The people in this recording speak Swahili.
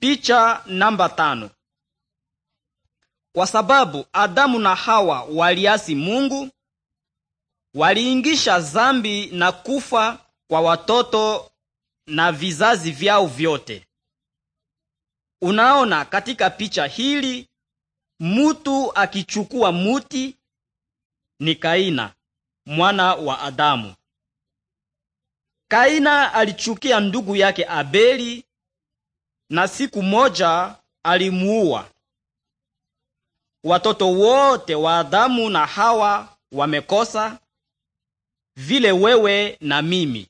Picha namba tano. Kwa sababu Adamu na Hawa waliasi Mungu, waliingisha zambi na kufa kwa watoto na vizazi vyao vyote. Unaona katika picha hili mutu akichukua muti ni Kaina mwana wa Adamu. Kaina alichukia ndugu yake Abeli na siku moja alimuua. Watoto wote wa Adamu na Hawa wamekosa vile wewe na mimi.